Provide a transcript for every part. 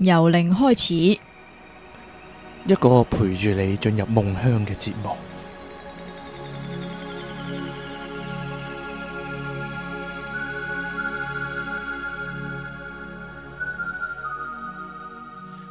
由零開始，一個陪住你進入夢鄉嘅節目。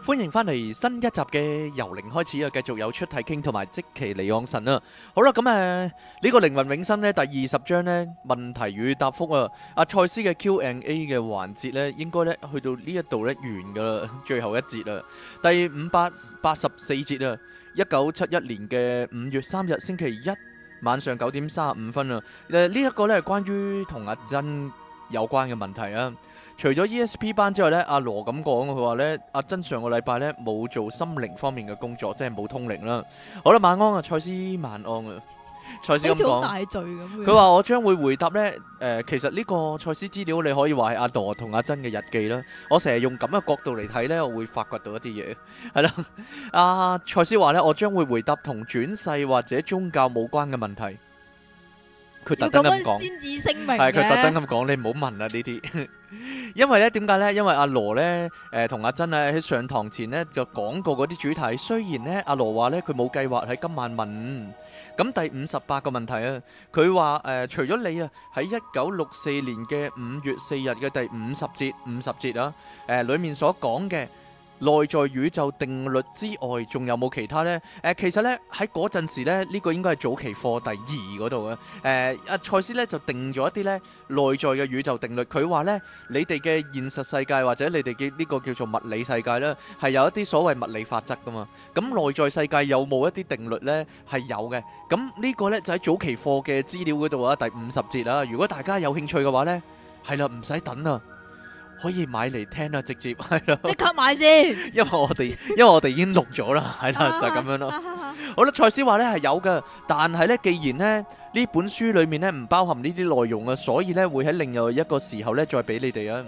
歡迎翻嚟新一集嘅由零開始啊！繼續有出題傾同埋即其尼盎神啦。好啦，咁誒呢個靈魂永生咧第二十章咧問題與答覆啊，阿賽斯嘅 Q&A 嘅環節咧，應該咧去到呢一度咧完噶啦，最後一節啦，第五百八十四節啊，一九七一年嘅五月三日星期一晚上九點三十五分啊，誒呢一個咧係關於同阿珍有關嘅問題啊。除咗 ESP 班之外咧，阿羅咁講，佢話咧阿珍上個禮拜咧冇做心靈方面嘅工作，即係冇通靈啦。好啦，晚安啊，蔡思晚安啊，蔡思咁講。好似好大罪咁。佢話我將會回答咧，誒、呃，其實呢個蔡思資料你可以話係阿羅同阿珍嘅日記啦。我成日用咁嘅角度嚟睇咧，我會發掘到一啲嘢。係 啦、啊，阿蔡思話咧，我將會回答同轉世或者宗教冇關嘅問題。佢特登咁講，係佢特登咁講，你唔好問啦呢啲，因為咧點解咧？因為阿羅咧，誒同阿珍咧喺上堂前咧就講過嗰啲主題。雖然咧阿羅話咧佢冇計劃喺今晚問，咁第五十八個問題啊，佢話誒除咗你啊，喺一九六四年嘅五月四日嘅第五十節五十節啊，誒裏面所講嘅。內在宇宙定律之外，仲有冇其他呢？誒、呃，其實呢，喺嗰陣時呢，呢、這個應該係早期課第二嗰度、呃、啊。誒，阿賽斯呢，就定咗一啲呢內在嘅宇宙定律。佢話呢，你哋嘅現實世界或者你哋嘅呢個叫做物理世界啦，係有一啲所謂物理法則噶嘛。咁內在世界有冇一啲定律呢？係有嘅。咁呢個呢，就喺早期課嘅資料嗰度啊，第五十節啦、啊。如果大家有興趣嘅話呢，係啦，唔使等啊。可以買嚟聽啦，直接係咯，即刻買先 因。因為我哋因為我哋已經錄咗啦，係啦 就咁樣咯。 好啦，蔡司話咧係有嘅，但係咧，既然咧呢本書裏面咧唔包含呢啲內容啊，所以咧會喺另外一個時候咧再俾你哋啊。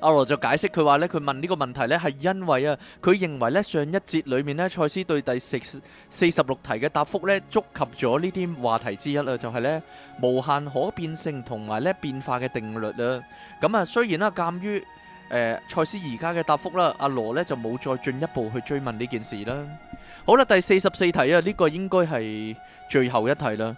阿羅就解釋佢話咧，佢問呢個問題呢，係因為啊，佢認為呢，上一節裏面呢，賽斯對第四十六題嘅答覆呢，觸及咗呢啲話題之一啦，就係呢，無限可變性同埋呢變化嘅定律啦。咁啊，雖然啦，鑒於誒賽斯而家嘅答覆啦，阿羅呢，就冇再進一步去追問呢件事啦。好啦，第四十四題啊，呢個應該係最後一題啦。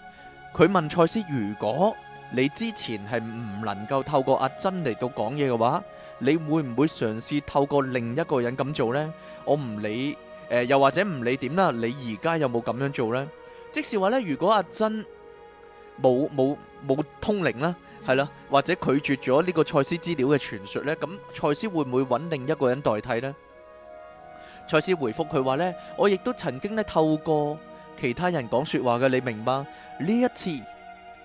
佢問賽斯，如果你之前係唔能夠透過阿珍嚟到講嘢嘅話，你會唔會嘗試透過另一個人咁做呢？我唔理誒、呃，又或者唔理點啦，你而家有冇咁樣做呢？即是話呢，如果阿珍冇冇冇通靈啦，係啦，或者拒絕咗呢個賽斯資料嘅傳述呢，咁賽斯會唔會揾另一個人代替呢？賽斯回復佢話呢，我亦都曾經呢透過其他人講說話嘅，你明白呢一次？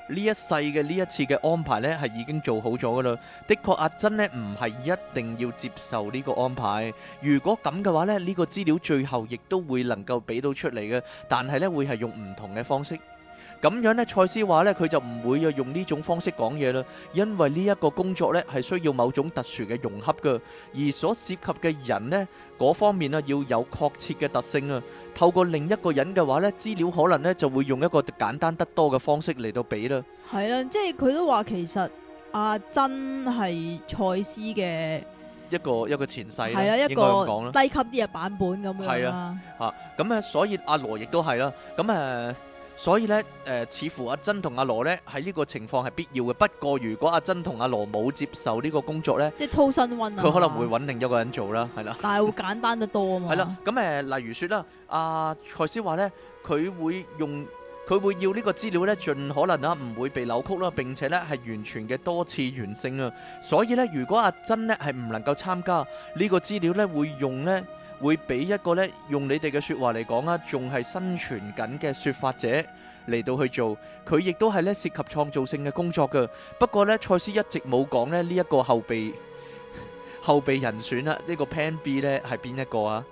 呢一世嘅呢一次嘅安排咧，係已經做好咗噶啦。的確，阿珍咧唔係一定要接受呢個安排。如果咁嘅話咧，呢個資料最後亦都會能夠俾到出嚟嘅，但係咧會係用唔同嘅方式。咁樣呢，賽斯話呢，佢就唔會用呢種方式講嘢啦，因為呢一個工作呢，係需要某種特殊嘅融合噶，而所涉及嘅人呢，嗰方面呢，要有確切嘅特性啊。透過另一個人嘅話呢，資料可能呢，就會用一個簡單得多嘅方式嚟到畀啦。係啦，即係佢都話其實阿珍係賽斯嘅一個一個前世，係啦的一個低級啲嘅版本咁樣。係啦，吓咁啊，所以阿羅亦都係啦，咁、嗯、誒。啊所以咧，誒似乎阿珍同阿羅咧喺呢個情況係必要嘅。不過如果阿珍同阿羅冇接受呢個工作咧，即係粗身瘟，佢可能會揾另一個人做啦，係啦。但係會簡單得多啊嘛。係啦，咁誒，例如説啦，阿賽斯話咧，佢會用，佢會要呢個資料咧，盡可能啦，唔會被扭曲啦，並且咧，係完全嘅多次完成啊。所以咧，如果阿珍咧係唔能夠參加，呢個資料咧，會用咧。會俾一個咧，用你哋嘅說話嚟講啊，仲係生存緊嘅說法者嚟到去做，佢亦都係咧涉及創造性嘅工作嘅。不過咧，蔡司一直冇講咧呢一、呢個後備後備人選啦、啊，這個、呢個 Plan B 咧係邊一個啊？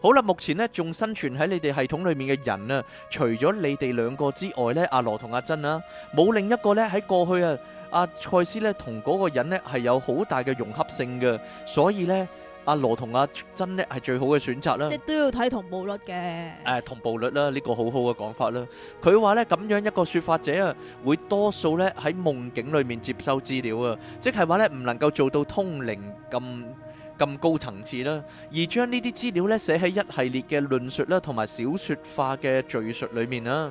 好啦，目前呢仲生存喺你哋系統裏面嘅人啊，除咗你哋兩個之外咧，阿、啊、羅同阿珍啊，冇另一個咧喺過去啊，阿蔡司咧同嗰個人咧係有好大嘅融合性嘅，所以咧。阿羅同阿珍咧係最好嘅選擇啦，即係都要睇同步率嘅。誒同步率啦，呢個好好嘅講法啦。佢話咧咁樣一個說法者啊，會多數咧喺夢境裏面接收資料啊，即係話咧唔能夠做到通靈咁咁高層次啦，而將呢啲資料咧寫喺一系列嘅論述啦同埋小説化嘅敘述裡面啦。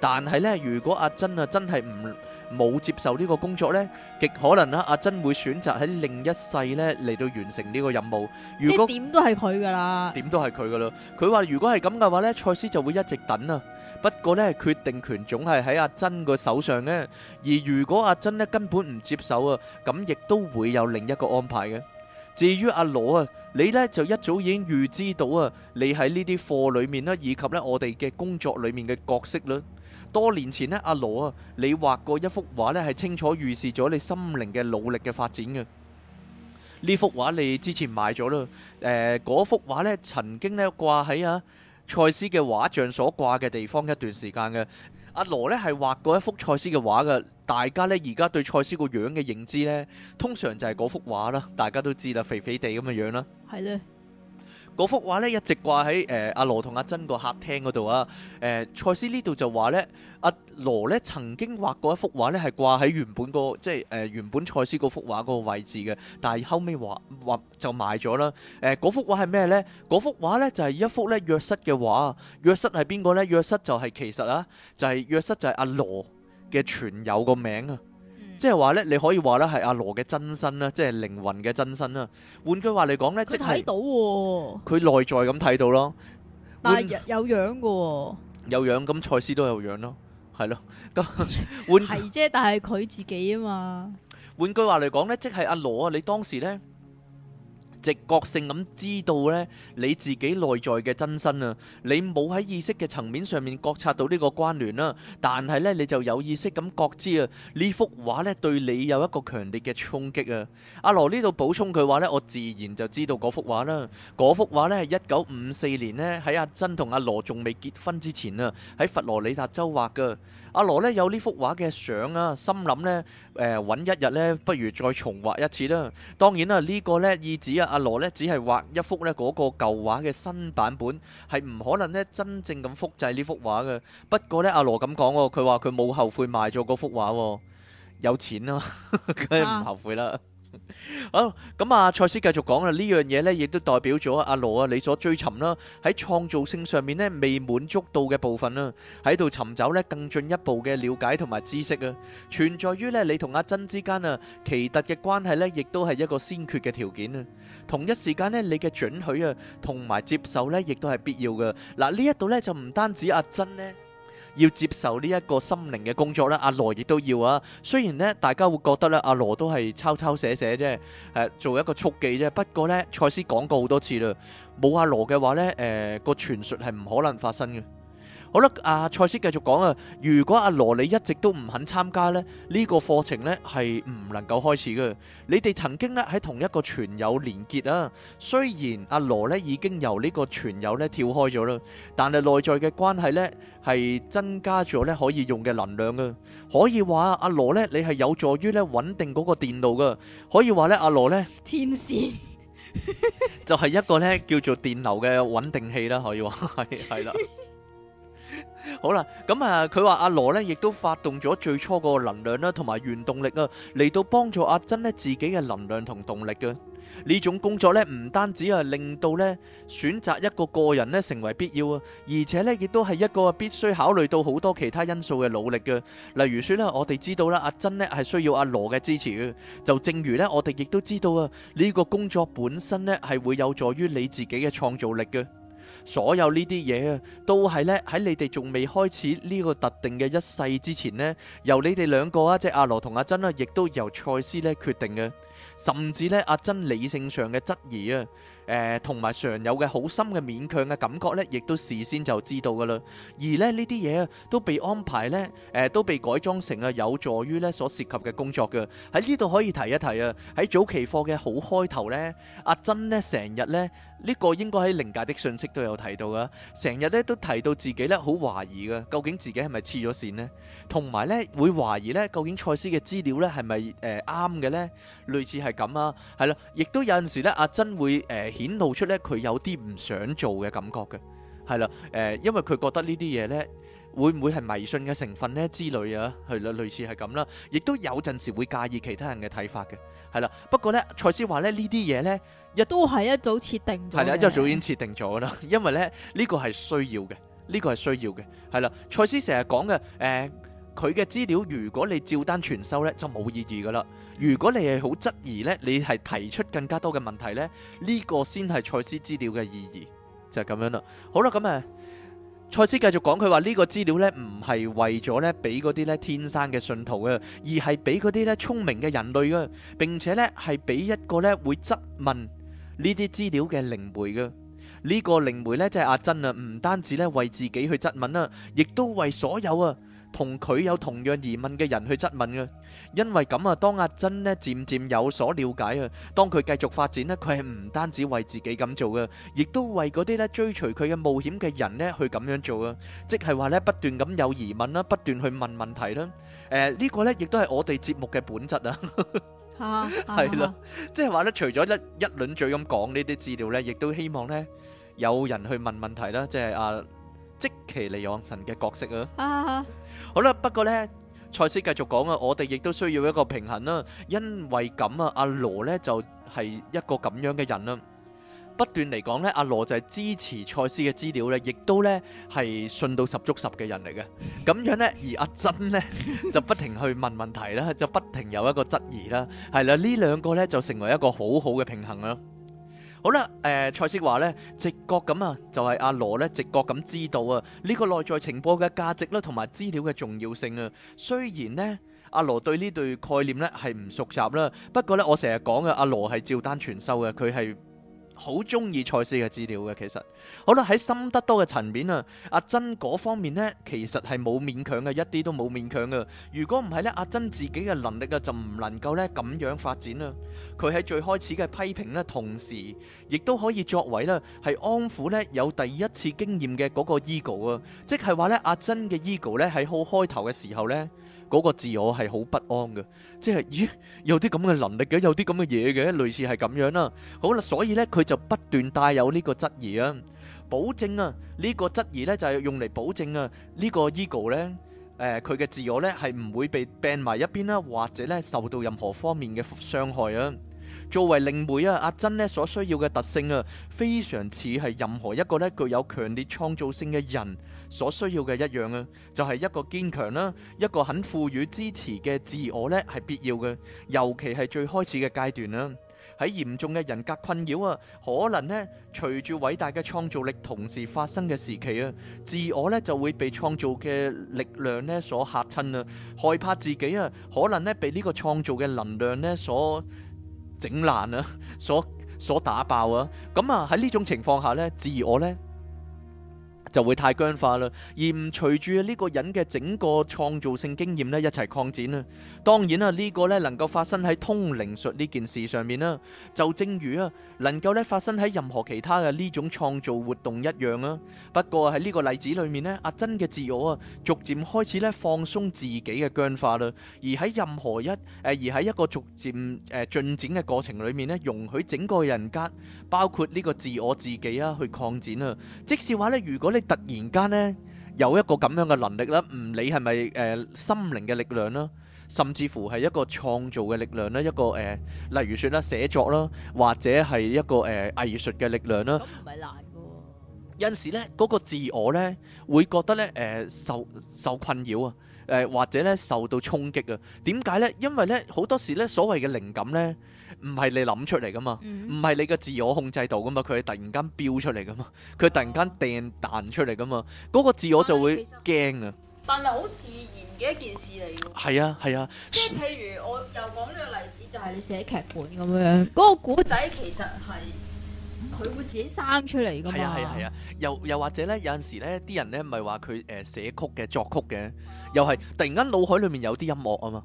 但係咧，如果阿珍啊真係唔冇接受呢個工作咧，極可能啦，阿珍會選擇喺另一世咧嚟到完成呢個任務。即係點都係佢噶啦，點都係佢噶啦。佢話：如果係咁嘅話咧，賽斯就會一直等啊。不過咧，決定權總係喺阿珍個手上咧。而如果阿珍咧根本唔接手啊，咁亦都會有另一個安排嘅。至於阿羅啊，你咧就一早已經預知到啊，你喺呢啲課裏面啦，以及咧我哋嘅工作裏面嘅角色啦。多年前呢，阿羅啊，羅，你畫過一幅畫呢，係清楚預示咗你心靈嘅努力嘅發展嘅。呢幅畫你之前買咗啦，誒、呃，嗰幅畫呢，曾經呢，掛喺啊賽斯嘅畫像所掛嘅地方一段時間嘅。阿、啊、羅呢，係畫過一幅賽斯嘅畫嘅，大家呢，而家對賽斯個樣嘅認知呢，通常就係嗰幅畫啦，大家都知啦，肥肥地咁嘅樣啦，係咧。嗰幅畫咧，一直掛喺誒阿羅同阿珍個客廳嗰度啊。誒、呃、賽斯呢度就話咧，阿羅咧，曾經畫過一幅畫咧，係掛喺原本個即係誒原本賽斯嗰幅畫嗰個位置嘅，但係後尾畫畫就賣咗啦。誒、呃、嗰幅畫係咩咧？嗰幅畫咧就係、是、一幅咧約瑟嘅畫，約瑟係邊個咧？約瑟，室就係其實啊就係、是、約瑟就係阿羅嘅存有個名啊。即係話咧，你可以話咧係阿羅嘅真身啦，即係靈魂嘅真身啦。換句話嚟講咧，即係佢睇到，佢內在咁睇到咯。但係有換有樣嘅、哦，有樣咁賽斯都有樣咯，係咯。咁係啫，但係佢自己啊嘛。換句話嚟講咧，即係阿羅啊，你當時咧。直覺性咁知道呢，你自己內在嘅真身啊，你冇喺意識嘅層面上面覺察到呢個關聯啦，但係呢，你就有意識咁覺知啊，呢幅畫呢，對你有一個強烈嘅衝擊啊！阿羅呢度補充佢話呢，我自然就知道嗰幅畫啦，嗰幅畫呢，係一九五四年呢，喺阿珍同阿羅仲未結婚之前啊，喺佛羅里達州畫噶。阿羅呢有呢幅畫嘅相啊，心諗呢，呃，揾一日呢，不如再重畫一次啦。當然啦，啊，呢個呢，意指啊，阿羅呢，只係畫一幅呢嗰個舊畫嘅新版本，係唔可能呢真正咁複製呢幅畫嘅。不過呢，阿羅咁講喎，佢話佢冇後悔賣咗嗰幅畫喎，有錢啊，梗係唔後悔啦，啊。 好咁啊，嗯，賽斯繼續講啦。呢樣嘢呢亦都代表咗阿羅啊，你所追尋啦，喺創造性上面呢，未滿足到嘅部分啦，喺度尋找呢更進一步嘅了解同埋知識啊。存在於呢你同阿珍之間啊，奇特嘅關係呢，亦都係一個先決嘅條件啊。同一時間呢，你嘅准許啊，同埋接受呢，亦都係必要嘅。嗱，呢一度呢，就唔單止阿珍呢。要接受呢一個心靈嘅工作咧，阿、啊、羅亦都要啊。雖然咧，大家會覺得咧，阿羅都係抄抄寫寫啫，誒，做一個速記啫。不過咧，賽斯講過好多次啦，冇阿、啊、羅嘅話咧，誒、呃，個傳説係唔可能發生嘅。好啦，阿賽斯繼續講啊，如果阿、啊、羅你一直都唔肯參加咧，呢、這個課程呢係唔能夠開始嘅。你哋曾經咧喺同一個傳友連結啊，雖然阿羅咧已經由個呢個傳友咧跳開咗啦，但係內在嘅關係呢係增加咗咧可以用嘅能量啊，可以話阿阿羅咧你係有助於咧穩定嗰個電路噶，可以話呢，阿、啊、羅呢，天線神 就係一個咧叫做電流嘅穩定器啦，可以話係係啦。 好啦，咁、嗯、啊，佢話阿羅呢亦都發動咗最初個能量啦，同埋原動力啊，嚟到幫助阿珍呢自己嘅能量同動力嘅。呢種工作呢唔單止係，令到呢選擇一個個人呢成為必要啊，而且呢亦都係一個必須考慮到好多其他因素嘅努力嘅。例如說呢，我哋知道啦，阿珍呢係需要阿羅嘅支持嘅。就正如呢，我哋亦都知道啊，呢、這個工作本身呢係會有助於你自己嘅創造力嘅。所有呢啲嘢啊，都係咧喺你哋仲未開始呢個特定嘅一世之前咧，由你哋兩個啊，即係阿羅同阿珍啦，亦都由賽斯咧決定嘅，甚至呢阿珍理性上嘅質疑啊。誒同埋常有嘅好深嘅勉強嘅感覺咧，亦都事先就知道噶啦。而咧呢啲嘢都被安排咧，誒都被改裝成啊有助於咧所涉及嘅工作嘅。喺呢度可以提一提啊，喺早期課嘅好開頭咧，阿珍咧成日咧呢個應該喺靈界的信息都有提到噶，成日咧都提到自己咧好懷疑嘅，究竟自己係咪黐咗線咧？同埋咧會懷疑咧，究竟賽斯嘅資料咧係咪誒啱嘅咧？類似係咁啊，係咯，亦都有陣時咧，阿珍會誒。顯露出咧佢有啲唔想做嘅感覺嘅，係啦，誒，因為佢覺得呢啲嘢咧會唔會係迷信嘅成分咧之類啊，係啦，類似係咁啦，亦都有陣時會介意其他人嘅睇法嘅，係啦。不過咧，賽斯話咧呢啲嘢咧，亦都係一早設定咗，係啦，一早已經設定咗啦，因為咧呢個係需要嘅，呢個係需要嘅，係啦，賽斯成日講嘅誒。佢嘅資料，如果你照單全收呢，就冇意義噶啦。如果你係好質疑呢，你係提出更加多嘅問題呢。呢個先係蔡司資料嘅意義就係咁樣啦。好啦，咁啊，蔡司繼續講，佢話呢個資料呢，唔係為咗咧俾嗰啲咧天生嘅信徒嘅，而係俾嗰啲咧聰明嘅人類嘅，並且呢，係俾一個咧會質問呢啲資料嘅靈媒嘅呢個靈媒呢，即係阿珍啊，唔單止呢，為自己去質問啊，亦都為所有啊。同佢有同樣疑問嘅人去質問嘅，因為咁啊。當阿珍咧漸漸有所瞭解啊，當佢繼續發展咧，佢係唔單止為自己咁做嘅，亦都為嗰啲咧追隨佢嘅冒險嘅人咧去咁樣做啊。即係話咧不斷咁有疑問啦，不斷去問問題啦。誒呢個咧亦都係我哋節目嘅本質啊。嚇係咯，即係話咧，除咗一一輪嘴咁講呢啲資料咧，亦都希望咧有人去問問題啦。即係阿即其嚟往神嘅角色啊。好啦，不過呢，蔡司繼續講啊，我哋亦都需要一個平衡啦，因為咁啊，阿羅呢就係一個咁樣嘅人啦，不斷嚟講呢，阿羅就係支持蔡司嘅資料呢，亦都呢係信到十足十嘅人嚟嘅，咁樣呢，而阿珍呢，就不停去問問題啦，就不停有一個質疑啦，係啦，呢兩個呢，就成為一個好好嘅平衡咯。好啦，誒、呃、賽斯話咧，直覺咁啊，就係、是、阿羅咧，直覺咁知道啊，呢個內在情報嘅價值啦，同埋資料嘅重要性啊。雖然咧，阿羅對呢對概念咧係唔熟習啦，不過咧，我成日講嘅阿羅係照單全收嘅，佢係好中意賽斯嘅資料嘅，其實好啦，喺深得多嘅層面啊，阿珍嗰方面呢，其實係冇勉強嘅，一啲都冇勉強嘅。如果唔係呢，阿珍自己嘅能力啊，就唔能夠呢咁樣發展啦。佢喺最開始嘅批評呢，同時亦都可以作為呢係安撫呢有第一次經驗嘅嗰個 ego 啊，即係話呢，阿珍嘅 ego 呢，喺好開頭嘅時候呢。嗰個自我係好不安嘅，即係咦，有啲咁嘅能力嘅，有啲咁嘅嘢嘅，類似係咁樣啦。好啦，所以咧佢就不斷帶有呢個質疑啊，保證啊，呢個質疑咧就係用嚟保證啊，呢個 ego 咧，誒，佢嘅自我咧係唔會被擯埋一邊啦，或者咧受到任何方面嘅傷害啊。作為靈媒啊，阿珍咧所需要嘅特性啊，非常似係任何一個咧具有強烈創造性嘅人所需要嘅一樣啊，就係、是、一個堅強啦，一個很富裕支持嘅自我咧係必要嘅，尤其係最開始嘅階段啦。喺嚴重嘅人格困擾啊，可能咧隨住偉大嘅創造力同時發生嘅時期啊，自我咧就會被創造嘅力量咧所嚇親啊，害怕自己啊，可能咧被呢個創造嘅能量咧所。整爛啊！所所打爆啊！咁啊喺呢種情況下咧，至於我咧，就會太僵化啦，而唔隨住呢個人嘅整個創造性經驗咧一齊擴展啦。當然啦、啊，呢、呢個咧能夠發生喺通靈術呢件事上面啦，就正如啊能夠咧發生喺任何其他嘅呢種創造活動一樣啊。不過喺呢個例子裏面呢，阿珍嘅自我啊，逐漸開始咧放鬆自己嘅僵化啦，而喺任何一誒、呃、而喺一個逐漸誒、呃、進展嘅過程裏面咧，容許整個人格包括呢個自我自己啊去擴展啊。即使話咧，如果你突然間咧有一個咁樣嘅能力啦，唔理係咪誒心靈嘅力量啦，甚至乎係一個創造嘅力量啦，一個誒，例如說啦寫作啦，或者係一個誒藝術嘅力量啦，咁唔係難嘅。有陣時咧嗰個自我咧會覺得咧誒受受困擾啊，誒或者咧受到衝擊啊。點解咧？因為咧好多時咧所謂嘅靈感咧。唔係你諗出嚟噶嘛，唔係、嗯、你嘅自我控制度噶嘛，佢係突然間飆出嚟噶嘛，佢突然間掟彈出嚟噶嘛，嗰、嗰個自我就會驚啊！但係好自然嘅一件事嚟，係啊係啊，即係譬如我又講呢個例子，就係、是、你寫劇本咁樣，嗰、嗰個古仔其實係佢、嗯、會自己生出嚟噶嘛，係啊係啊，啊，又又或者咧有陣時咧啲人咧唔係話佢誒寫曲嘅作曲嘅，啊、又係突然間腦海裏面有啲音樂啊嘛。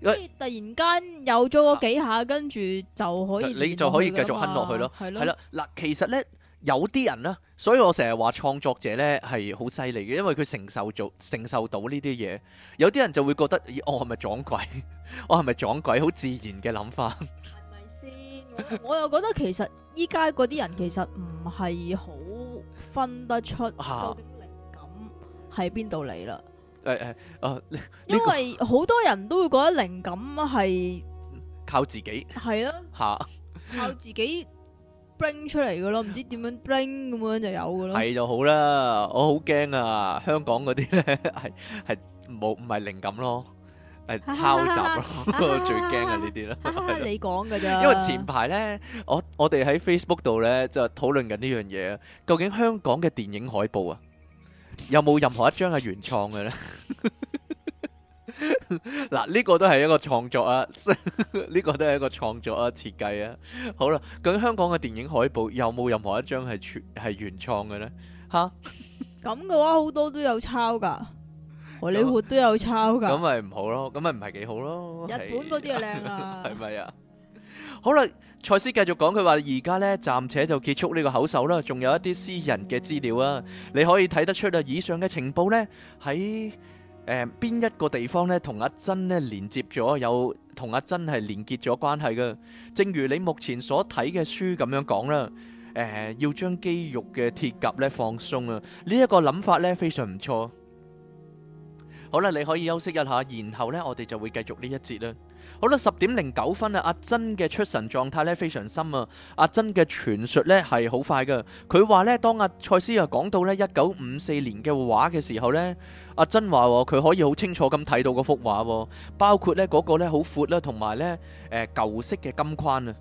突然間又做咗幾下，跟住、啊、就可以，你就可以繼續哼落去咯。係咯，係啦。嗱，其實咧有啲人咧，所以我成日話創作者咧係好犀利嘅，因為佢承受做承受到呢啲嘢。有啲人就會覺得，咦，我係咪撞鬼？ 我係咪撞鬼？好自然嘅諗法。係咪先？我又覺得其實依家嗰啲人其實唔係好分得出究竟靈感喺邊度嚟啦。 啊誒誒，啊！因為好多人都會覺得靈感係靠自己，係咯，吓靠自己 bring 出嚟噶咯，唔知點樣 bring 咁樣就有噶咯。係就好啦，我好驚啊！香港嗰啲咧係係冇唔係靈感咯，係抄襲咯，最驚啊呢啲啦。你講噶啫，因為前排咧，我我哋喺 Facebook 度咧就討論緊呢樣嘢，究竟香港嘅電影海報啊？有冇任何一張係原創嘅咧？嗱， 呢、這個都係一個創作啊，呢 個都係一個創作啊，設計啊。好啦，咁香港嘅電影海報有冇任何一張係全係原創嘅咧？吓，咁 嘅話好多都有抄㗎，荷里活都有抄㗎。咁咪唔好咯，咁咪唔係幾好咯。日本嗰啲啊靚啊，係咪 啊？好啦。賽斯繼續講，佢話而家呢，暫且就結束呢個口手啦，仲有一啲私人嘅資料啊，你可以睇得出啊，以上嘅情報呢，喺誒邊一個地方呢？同阿珍呢連接咗，有同阿珍係連結咗關係嘅。正如你目前所睇嘅書咁樣講啦，誒、呃、要將肌肉嘅鐵夾呢放鬆啊，呢、這、一個諗法呢，非常唔錯。好啦，你可以休息一下，然後呢，我哋就會繼續呢一節啦。好啦，十點零九分啊！阿珍嘅出神狀態咧非常深啊！阿珍嘅傳述咧係好快噶。佢話咧，當阿賽斯又講到咧一九五四年嘅畫嘅時候咧，阿珍話佢可以好清楚咁睇到嗰幅畫，包括咧嗰個咧好闊啦，同埋咧誒舊式嘅金框啊！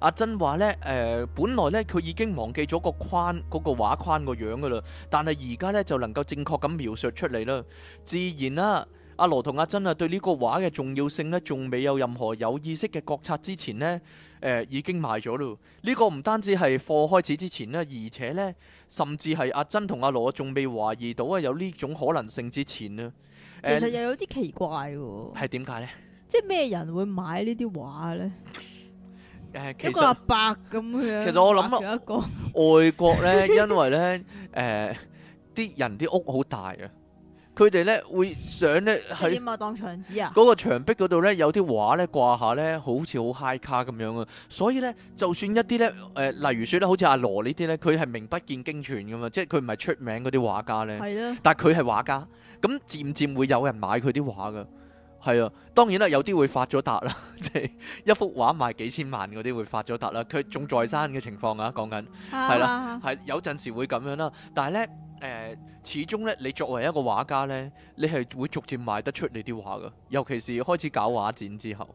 阿珍話咧誒，本來咧佢已經忘記咗個框嗰、嗰個畫框個樣噶啦，但係而家咧就能夠正確咁描述出嚟啦，自然啦、啊。阿羅同阿珍啊，對呢個畫嘅重要性咧，仲未有任何有意識嘅覺察之前呢，誒、呃，已經賣咗咯。呢、這個唔單止係貨開始之前呢，而且呢，甚至係阿珍同阿羅仲未懷疑到啊有呢種可能性之前呢，uh，其實又有啲奇怪喎、哦。係點解呢？即係咩人會買呢啲畫呢？一個阿伯咁樣。其實，其實我諗外國呢，因為呢誒、啲、 呃、人啲屋好大啊。佢哋咧會想咧喺嗰個牆壁嗰度咧有啲畫咧掛下咧，好似好 high 卡咁樣啊！所以咧，就算一啲咧，誒、呃，例如説咧，好似阿羅呢啲咧，佢係名不見經傳噶嘛，即係佢唔係出名嗰啲畫家咧，係咯。但係佢係畫家，咁的漸漸會有人買佢啲畫噶。係啊，當然啦，有啲會發咗達啦，即係一幅畫賣幾千萬嗰啲會發咗達啦。佢仲在生嘅情況啊，講緊係啦，係、 啊、有陣時會咁樣啦。但係咧，誒、呃，始終咧，你作為一個畫家咧，你係會逐漸賣得出你啲畫噶。尤其是開始搞畫展之後，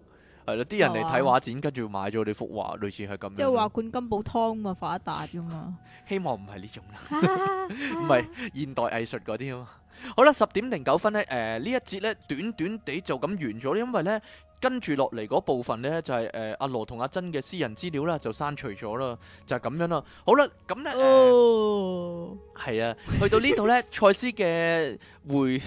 係啦、啊，啲人嚟睇畫展，跟住買咗你幅畫，類似係咁樣。即係話罐金寶湯啊，發一達噶嘛？希望唔係呢種啦，唔 係現代藝術嗰啲啊嘛。好啦，十點零九分呢，誒、呃、呢一節呢，短短地就咁完咗，因為呢，跟住落嚟嗰部分呢，就係、是、誒、呃啊、阿羅同阿珍嘅私人資料呢刪啦，就刪除咗啦，就係咁樣啦。好啦，咁呢哦，係、呃 oh. 啊，去到呢度呢，賽斯嘅回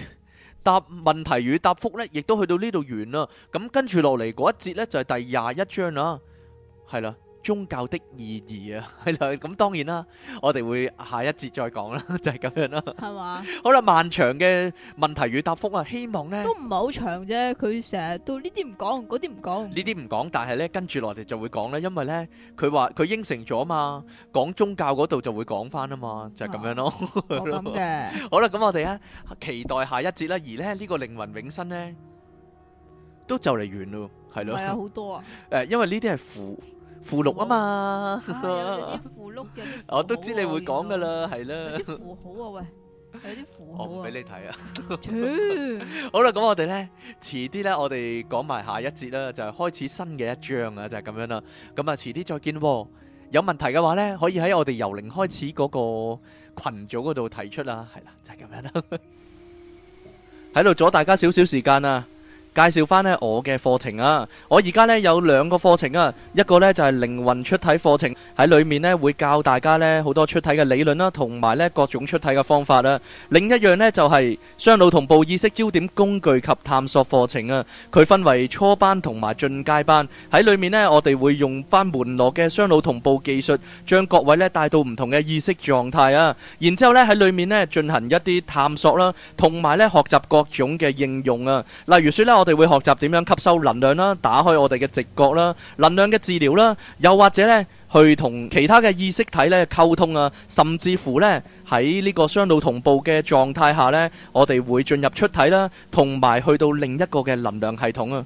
答問題與答覆呢，亦都去到呢度完啦。咁跟住落嚟嗰一節呢，就係、是、第廿一章啦，係啦、啊。宗教的意義啊，係啦，咁當然啦，我哋會下一節再講啦，就係咁樣啦。係嘛？好啦，漫長嘅問題與答覆啊，希望咧都唔係好長啫。佢成日都呢啲唔講，嗰啲唔講。呢啲唔講，但係咧跟住落嚟就會講啦，因為咧佢話佢應承咗啊嘛，講宗教嗰度就會講翻啊嘛，就係咁樣咯。我諗嘅。好啦，咁我哋咧期待下一節啦。而咧呢個靈魂永生咧都就嚟完咯，係咯。係啊，好多啊。誒，因為呢啲係符。符錄啊嘛，哎、有啲符錄嘅，啊、 我都知你會講噶啦，係啦。有啲符號啊，喂， 有啲符號啊，俾你睇啊。 好啦，咁我哋咧，遲啲咧，我哋講埋下一節啦，就係、是、開始新嘅一章啊，就係、是、咁樣啦。咁啊，遲啲再見。有問題嘅話咧，可以喺我哋由零開始嗰個群組嗰度提出啦。係啦，就係、是、咁樣啦。喺 度阻大家少少時間啊。介紹翻呢我嘅課程啊，我而家呢有兩個課程啊，一個呢就係靈魂出體課程，喺裏面呢會教大家呢好多出體嘅理論啦，同埋呢各種出體嘅方法啊。另一樣呢就係雙腦同步意識焦點工具及探索課程啊，佢分為初班同埋進階班，喺裏面呢我哋會用翻門羅嘅雙腦同步技術，將各位呢帶到唔同嘅意識狀態啊，然之後呢喺裏面呢進行一啲探索啦，同埋呢學習各種嘅應用啊，例如說呢我。我哋會學習點樣吸收能量啦，打開我哋嘅直覺啦，能量嘅治療啦，又或者呢，去同其他嘅意識體呢溝通啊，甚至乎呢喺呢個雙腦同步嘅狀態下呢，我哋會進入出體啦，同埋去到另一個嘅能量系統啊。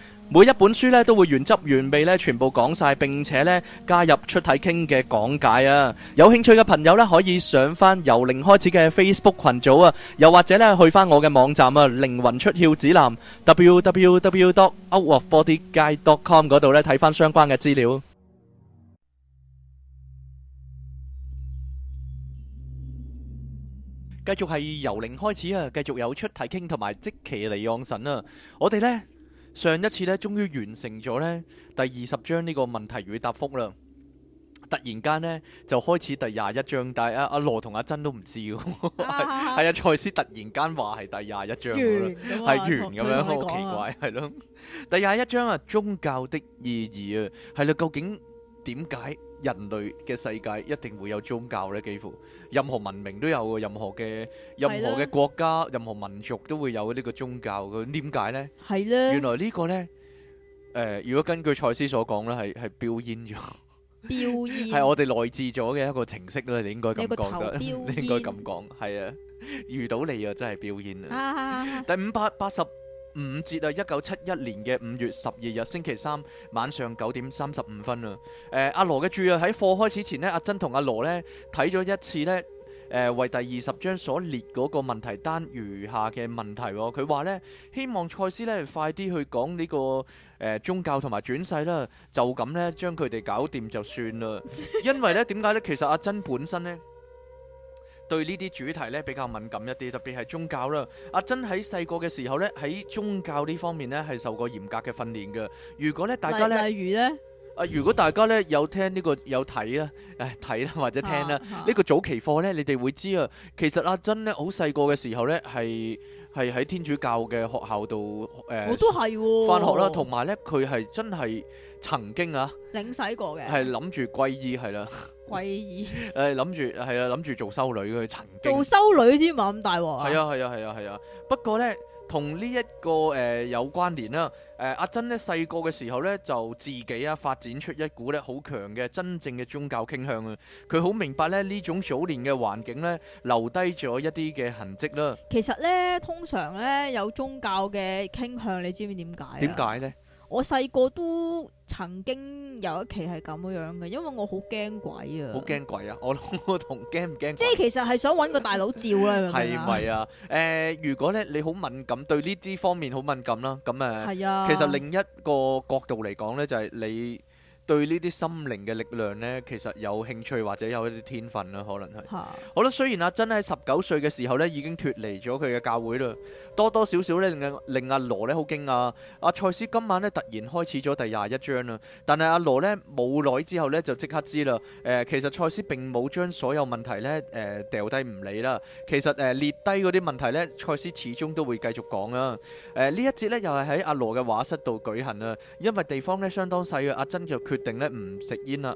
每一本書咧都會原汁原味咧全部講晒，並且咧加入出體傾嘅講解啊！有興趣嘅朋友咧可以上翻由零開始嘅 Facebook 群組啊，又或者咧去翻我嘅網站啊靈魂出竅指南 www.outofbodyguide.com 嗰度咧睇翻相關嘅資料。繼續係由零開始啊！繼續有出體傾同埋即期嚟養神啊！我哋咧～上一次咧，終於完成咗咧第二十章呢個問題與答覆啦。突然間咧，就開始第廿一章，但阿阿羅同阿珍都唔知喎。係啊，賽、啊、斯、啊、突然間話係第廿一章啦，係完咁樣好奇怪，係咯、啊？第廿一章啊，宗教的意義啊，係啦，究竟點解？人類嘅世界一定會有宗教咧，幾乎任何文明都有嘅，任何嘅任何嘅國家、任何民族都會有呢個宗教。點解咧？係咧，原來呢個咧，誒，如果根據賽斯所講咧，係係表演咗表演，係我哋內置咗嘅一個程式啦。你應該咁講，應該咁講係啊。遇到你啊，真係表演啊！第五百八十五節啊，一九七一年嘅五月十二日星期三晚上九點三十五分啊。誒、呃，阿羅嘅注意喺課開始前呢，阿珍同阿羅呢睇咗一次呢，誒、呃，為第二十章所列嗰個問題單，餘下嘅問題啊。佢話呢，希望賽斯呢快啲去講呢、這個誒、呃、宗教同埋轉世啦，就咁呢將佢哋搞掂就算啦。 因為呢點解呢？其實阿珍本身呢。對呢啲主題咧比較敏感一啲，特別係宗教啦。阿珍喺細個嘅時候咧，喺宗教呢方面咧係受過嚴格嘅訓練嘅。如果咧大家咧，例如咧。啊！如果大家咧有聽呢，這個有睇啦，唉睇啦或者聽啦，呢、啊啊、個早期課咧，你哋會知啊。其實阿珍咧好細個嘅時候咧，係係喺天主教嘅學校度誒，呃、我都係翻學啦。同埋咧，佢係真係曾經啊，領洗過嘅，係諗住皈依係啦，皈依誒諗住係啦，諗住做修女，佢曾經做修女添嘛，咁大鑊啊！係啊係啊係啊係啊，不過咧。同呢一個誒、呃、有關聯啦，誒、呃、阿珍咧細個嘅時候呢，就自己啊發展出一股咧好強嘅真正嘅宗教傾向啊，佢好明白咧呢種早年嘅環境呢，留低咗一啲嘅痕跡啦。其實呢，通常呢，有宗教嘅傾向，你知唔知點解啊？點解呢？我細個都曾經有一期係咁樣嘅，因為我好驚鬼啊！好驚鬼啊！我我同驚唔驚？即係其實係想搵個大佬照啦，係咪啊？誒，如果咧你好敏感對呢啲方面好敏感啦，咁、呃、係啊，其實另一個角度嚟講咧，就係、是、你。對呢啲心靈嘅力量呢，其實有興趣或者有一啲天分啦、啊，可能係。 好啦，雖然阿珍喺十九歲嘅時候呢已經脫離咗佢嘅教會啦，多多少少呢令，令阿羅呢好驚訝啊！阿賽斯今晚呢突然開始咗第廿一章啦，但係阿羅呢冇耐之後呢就即刻知啦，誒、呃、其實賽斯並冇將所有問題呢誒掉低唔理啦，其實誒、呃、列低嗰啲問題呢，賽斯始終都會繼續講啊！誒、呃、呢一節呢又係喺阿羅嘅畫室度舉行啊，因為地方呢相當細啊，阿珍就決定咧唔食煙啦！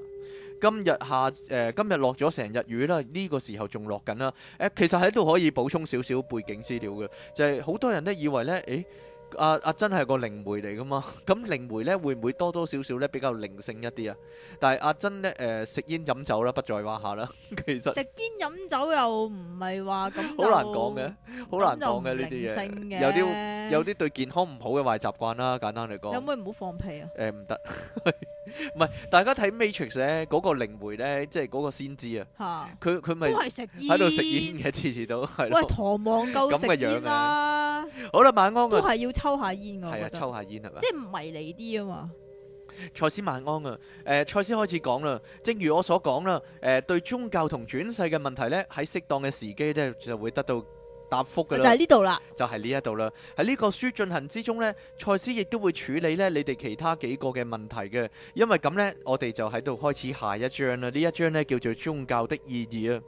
今日下，誒，今日落咗成日雨啦，呢個時候仲落緊啦。誒，其實喺度可以補充少少背景資料嘅，就係好多人咧以為咧，誒。阿阿珍係個靈媒嚟噶嘛？咁靈媒咧會唔會多多少少咧比較靈性一啲啊？但係阿珍咧誒食煙飲酒啦，不在話下啦。其實食煙飲酒又唔係話咁好難講嘅，好難講嘅呢啲嘢，有啲有啲對健康唔好嘅壞習慣啦。簡單嚟講，有冇唔好放屁啊？誒唔得，唔係大家睇 Matrix 咧，嗰個靈媒咧，即係嗰個先知啊。嚇！佢佢咪都係食煙喺度食煙嘅，次次都係咯。喂，唐王夠咁嘅樣食煙啊！好啦，晚安，啊。都係要抽下煙嘅，係啊，抽下煙係咪？即係迷你啲啊嘛。賽斯晚安啊！誒、呃，賽斯開始講啦。正如我所講啦，誒、呃，對宗教同轉世嘅問題呢，喺適當嘅時機呢就會得到答覆噶啦。就喺呢度啦，就喺呢一度啦。喺呢個書進行之中呢，賽斯亦都會處理呢你哋其他幾個嘅問題嘅。因為咁呢，我哋就喺度開始下一章啦。呢一章呢叫做宗教的意義啊。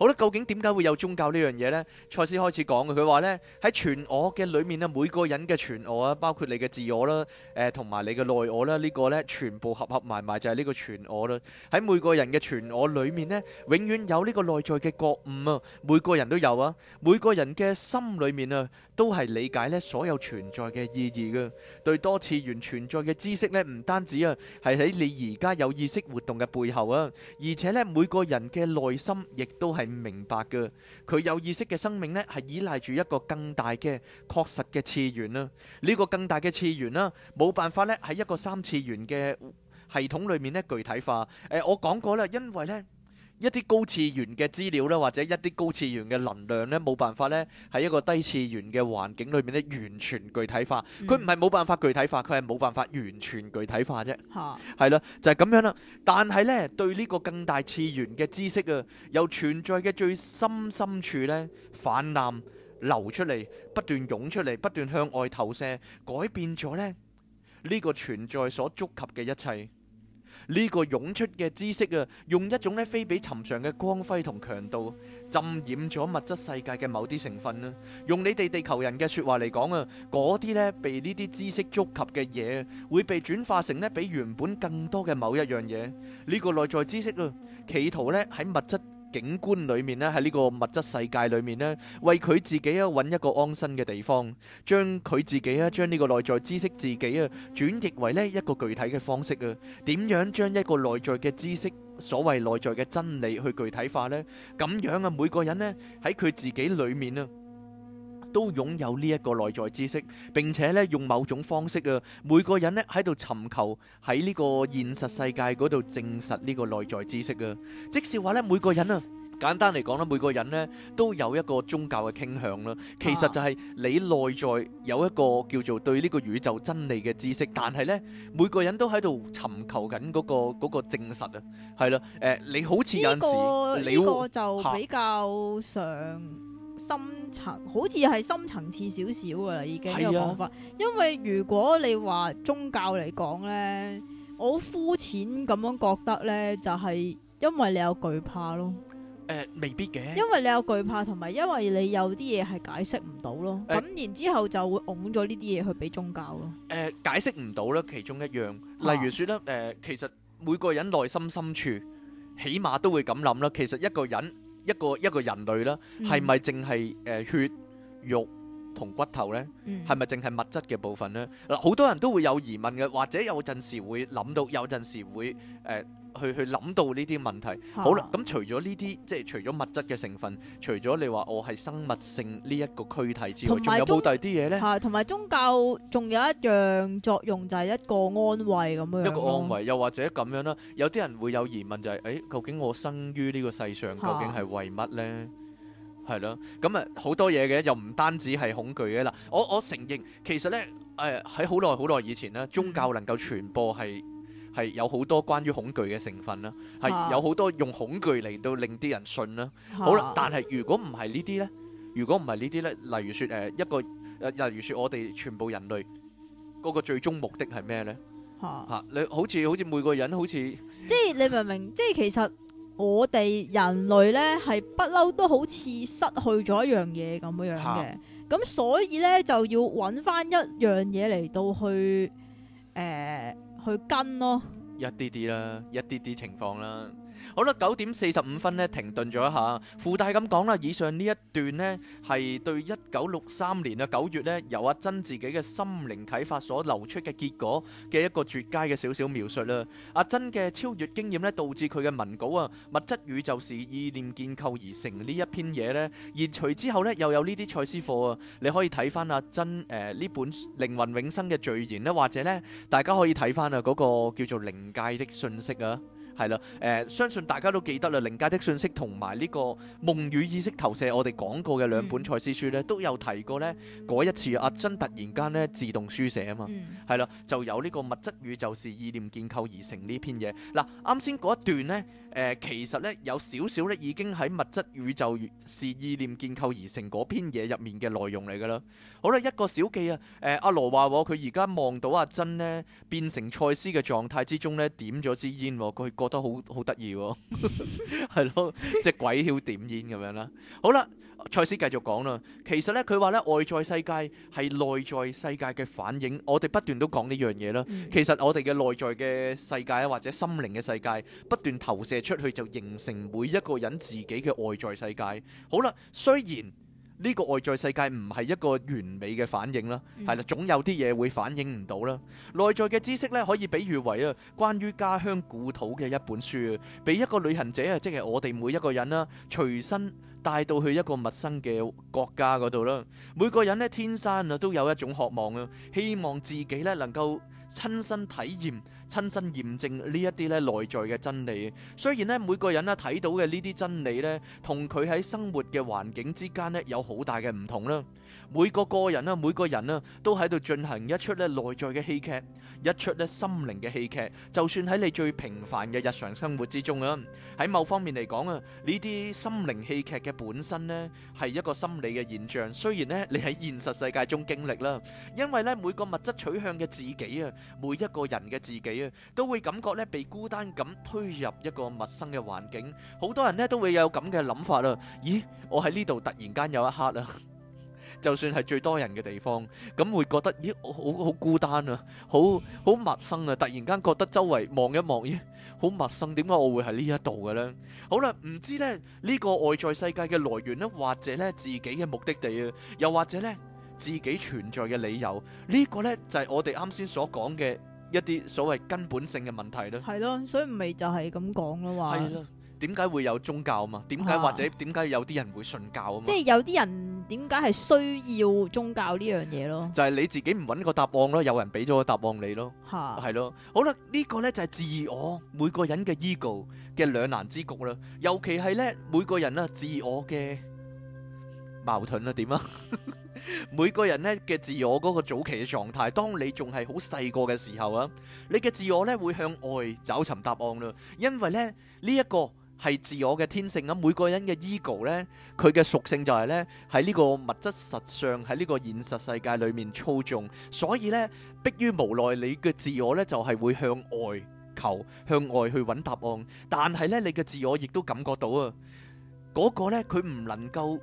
好啦，究竟點解會有宗教呢樣嘢咧？賽斯開始講嘅，佢話咧喺全我嘅裏面咧，每個人嘅全我啊，包括你嘅自我啦，誒同埋你嘅內我啦，呢個咧全部合合埋埋就係呢個全我啦。喺每個人嘅全我裏面咧，永遠有呢個內在嘅覺悟啊，每個人都有啊，每個人嘅心裏面啊，都係理解咧所有存在嘅意義嘅，對多次元存在嘅知識咧，唔單止啊，係喺你而家有意識活動嘅背後啊，而且咧每個人嘅內心亦都係。明白嘅，佢有意識嘅生命咧，係依賴住一個更大嘅確實嘅次元啦。呢個更大嘅次元啦，冇辦法咧喺一個三次元嘅系統裏面咧具體化。誒，我講過啦，因為咧。一啲高次元嘅資料咧，或者一啲高次元嘅能量咧，冇辦法咧喺一個低次元嘅環境裏面咧完全具體化。佢唔係冇辦法具體化，佢係冇辦法完全具體化啫。嚇哈，係咯，就係、是、咁樣啦。但係咧，對呢個更大次元嘅知識啊，由存在嘅最深深處咧，泛濫流出嚟，不斷湧出嚟，不斷向外投射，改變咗咧呢、這個存在所觸及嘅一切。呢個湧出嘅知識啊，用一種咧非比尋常嘅光輝同強度，浸染咗物質世界嘅某啲成分啦。用你哋地球人嘅説話嚟講啊，嗰啲咧被呢啲知識觸及嘅嘢，會被轉化成咧比原本更多嘅某一樣嘢。呢、呢個內在知識啊，企圖咧喺物質景觀裏面呢，喺呢個物質世界裏面呢，為佢自己啊，揾一個安身嘅地方，將佢自己啊，將呢個內在知識自己啊，轉譯為呢一個具體嘅方式啊，點樣將一個內在嘅知識，所謂內在嘅真理去具體化呢？咁樣啊，每個人呢喺佢自己裏面啊。都擁有呢一個內在知識，並且咧用某種方式啊，每個人咧喺度尋求喺呢個現實世界嗰度證實呢個內在知識啊。即是話咧，每個人啊，簡單嚟講啦，每個人咧都有一個宗教嘅傾向啦。其實就係你內在有一個叫做對呢個宇宙真理嘅知識，但係咧，每個人都喺度尋求緊嗰個嗰個證實啊。係啦，誒，你好似有時，你個就比較想。深層好似係深層次少少噶啦，已經呢個講法。是啊、因為如果你話宗教嚟講呢，我好膚淺咁樣覺得呢，就係、是、因為你有懼怕咯。誒、呃，未必嘅。因為你有懼怕，同埋因為你有啲嘢係解釋唔到咯。咁、呃、然之後就會㧬咗呢啲嘢去俾宗教咯。誒、呃，解釋唔到咧，其中一樣，例如說咧，誒、啊呃，其實每個人內心深處，起碼都會咁諗啦。其實一個人。一個一個人類啦，係咪淨係誒血肉同骨頭呢？係咪淨係物質嘅部分呢？嗱，好多人都會有疑問嘅，或者有陣時會諗到，有陣時會誒。呃去去諗到呢啲問題，啊、好啦。咁除咗呢啲，即係除咗物質嘅成分，除咗你話我係生物性呢一個軀體之外，仲有冇第二啲嘢咧？同埋、啊、宗教仲有一樣作用，就係一個安慰咁樣，一個安慰，又或者咁樣啦。有啲人會有疑問就係、是、誒、哎、究竟我生於呢個世上，究竟係為乜咧？係咯、啊，咁啊好多嘢嘅，又唔單止係恐懼嘅啦。我我承認其實咧誒喺好耐好耐以前咧，宗教能夠傳播係、嗯。係有好多關於恐懼嘅成分啦，係有好多用恐懼嚟到令啲人信啦。好啦，但係如果唔係呢啲咧，如果唔係呢啲咧，例如說誒一個，例如說我哋全部人類嗰個最終目的係咩咧？吓，你好似好似每個人好似，即係你明唔明？即係其實我哋人類咧係不嬲都好似失去咗一樣嘢咁樣嘅，咁所以咧就要揾翻一樣嘢嚟到去誒。去跟咯、啊，一啲啲啦，一啲啲情況啦。好啦，九點四十五分呢，停頓咗一下，附帶咁講啦，以上呢一段呢，係對一九六三年嘅九月咧，由阿珍自己嘅心靈啟發所流出嘅結果嘅一個絕佳嘅少少描述啦。阿珍嘅超越經驗呢，導致佢嘅文稿啊，物質宇宙是意念建構而成呢一篇嘢呢。而隨之後呢，又有呢啲賽斯課啊，你可以睇翻阿珍誒呢、呃、本《靈魂永生》嘅序言啦，或者呢，大家可以睇翻啊嗰個叫做《靈界》的信息啊。係啦，誒、呃，相信大家都記得啦，《靈界的信息》同埋呢個《夢與意識投射》，我哋講過嘅兩本賽斯書咧，都有提過呢嗰一次阿珍突然間咧自動書寫啊嘛，係啦、嗯，就有呢、這個物質宇宙是意念建構而成呢篇嘢。嗱，啱先嗰一段呢。誒、呃、其實咧有少少咧已經喺物質宇宙是意念建構而成嗰篇嘢入面嘅內容嚟㗎啦。好啦，一個小記啊，誒、呃、阿羅話喎，佢而家望到阿珍呢變成賽斯嘅狀態之中咧點咗支煙，佢覺得好好得意喎，係咯，即係鬼曉點煙咁樣啦。好啦。賽斯繼續講啦，其實咧佢話咧外在世界係內在世界嘅反映，我哋不斷都講呢樣嘢啦。嗯、其實我哋嘅內在嘅世界或者心靈嘅世界不斷投射出去，就形成每一個人自己嘅外在世界。好啦，雖然呢個外在世界唔係一個完美嘅反映啦，係啦、嗯，總有啲嘢會反映唔到啦。內在嘅知識咧，可以比喻為啊，關於家鄉故土嘅一本書，俾一個旅行者啊，即係我哋每一個人啦、啊，隨身。帶到去一個陌生嘅國家嗰度啦。每個人呢，天生啊都有一種渴望啊，希望自己呢能夠親身體驗。親身驗證呢一啲咧，內在嘅真理，雖然咧，每個人咧，睇到嘅呢啲真理咧，同佢喺生活嘅環境之間咧，有好大嘅唔同啦。每個個人啊，每個人啊，都喺度進行一出咧，內在嘅戲劇，一出咧，心靈嘅戲劇。就算喺你最平凡嘅日常生活之中啊，喺某方面嚟講啊，呢啲心靈戲劇嘅本身咧，係一個心理嘅現象。雖然咧，你喺現實世界中經歷啦，因為咧，每個物質取向嘅自己啊，每一個人嘅自己。都會感覺咧被孤單咁推入一個陌生嘅環境，好多人呢，都會有咁嘅諗法啊！咦，我喺呢度突然間有一刻啊， 就算係最多人嘅地方，咁會覺得咦，我好好孤單啊，好好陌生啊！突然間覺得周圍望一望，咦，好陌生，點解我會喺呢一度嘅咧？好啦，唔知呢，呢個外在世界嘅來源呢，或者呢自己嘅目的地啊，又或者呢自己存在嘅理由，呢個呢，就係我哋啱先所講嘅。一啲所謂根本性嘅問題咧，係咯， 所以唔係就係咁講咯，話係咯，點解會有宗教啊嘛？點解或者點解有啲人會信教啊？即係有啲人點解係需要宗教呢樣嘢咯？就係你自己唔揾個答案咯，有人俾咗個答案你咯，係咯、啊。好啦，呢個咧就係自我每個人嘅 ego 嘅兩難之局啦。尤其係咧，每個人啦自我嘅矛盾啦，點啊？ 每個人咧嘅自我嗰個早期嘅狀態，當你仲係好細個嘅時候啊，你嘅自我咧會向外找尋答案咯，因為咧呢一個係自我嘅天性啊。每個人嘅 ego 咧，佢嘅屬性就係咧喺呢個物質實上喺呢個現實世界裏面操縱，所以咧迫於無奈，你嘅自我咧就係會向外求，向外去揾答案。但係咧你嘅自我亦都感覺到啊，嗰個咧佢唔能夠。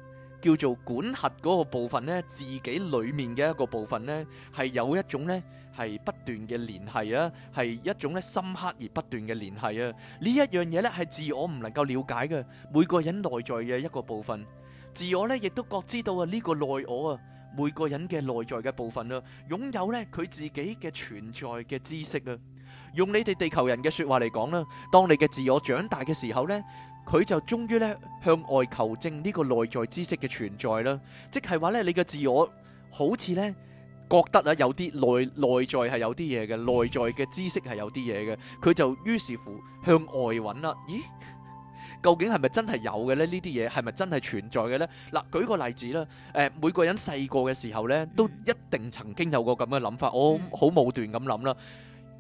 叫做管轄嗰個部分呢，自己裏面嘅一個部分呢，係有一種呢，係不斷嘅聯繫啊，係一種呢深刻而不斷嘅聯繫啊。呢一樣嘢呢，係自我唔能夠了解嘅，每個人內在嘅一個部分。自我呢，亦都覺知道啊，呢個內我啊，每個人嘅內在嘅部分啊，擁有呢佢自己嘅存在嘅知識啊。用你哋地球人嘅說話嚟講啦，當你嘅自我長大嘅時候呢。佢就終於咧向外求證呢個內在知識嘅存在啦，即係話咧你嘅自我好似咧覺得啊有啲內內在係有啲嘢嘅，內在嘅知識係有啲嘢嘅，佢就於是乎向外揾啦。咦，究竟係咪真係有嘅咧？呢啲嘢係咪真係存在嘅咧？嗱，舉個例子啦，誒，每個人細個嘅時候咧都一定曾經有過咁嘅諗法，我好武斷咁諗啦。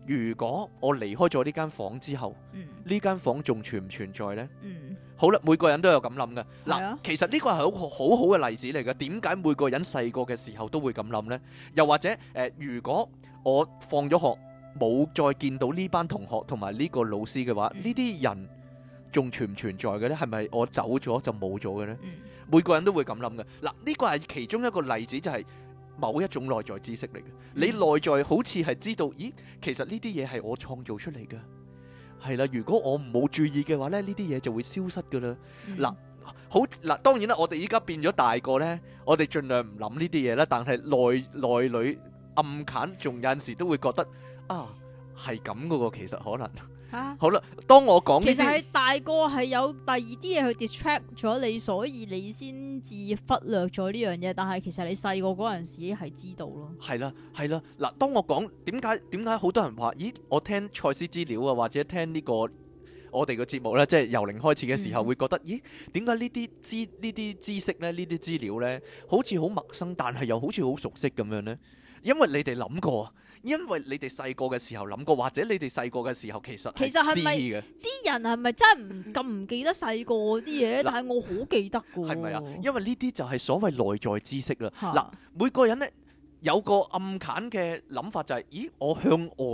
如果我離開咗呢間房之後，呢、嗯、間房仲存唔存在呢？嗯、好啦，每個人都有咁諗嘅。嗱、嗯，其實呢個係好好好嘅例子嚟嘅。點解每個人細個嘅時候都會咁諗呢？又或者誒、呃，如果我放咗學，冇再見到呢班同學同埋呢個老師嘅話，呢啲、嗯、人仲存唔存在嘅呢？係咪我走咗就冇咗嘅呢？嗯、每個人都會咁諗嘅。嗱，呢個係其中一個例子就係、是。某一種內在知識嚟嘅，mm hmm. 你內在好似係知道，咦？其實呢啲嘢係我創造出嚟嘅，係啦。如果我冇注意嘅話咧，呢啲嘢就會消失㗎、mm hmm. 啦。嗱，好嗱，當然啦，我哋依家變咗大個咧，我哋盡量唔諗呢啲嘢啦。但係內內裏暗揀，仲有陣時都會覺得啊，係咁嘅喎，其實可能。好啦，當我講，其實係大個係有第二啲嘢去 distract 咗你，所以你先至忽略咗呢樣嘢。但係其實你細個嗰陣時係知道咯。係啦、嗯，係、嗯、啦。嗱、嗯，當我講點解點解好多人話，咦？我聽賽斯資料啊，或者聽呢個我哋個節目咧，即係由零開始嘅時候，會覺得，咦？點解呢啲知呢啲知識咧？呢啲資料咧，好似好陌生，但係又好似好熟悉咁樣咧？因為你哋諗過。因為你哋細個嘅時候諗過，或者你哋細個嘅時候其實係知嘅。啲人係咪真係咁唔記得細個嗰啲嘢？但係我好記得嘅。係咪啊？因為呢啲就係所謂內在知識啦。嗱，每個人呢有個暗淡嘅諗法就係：咦，我向外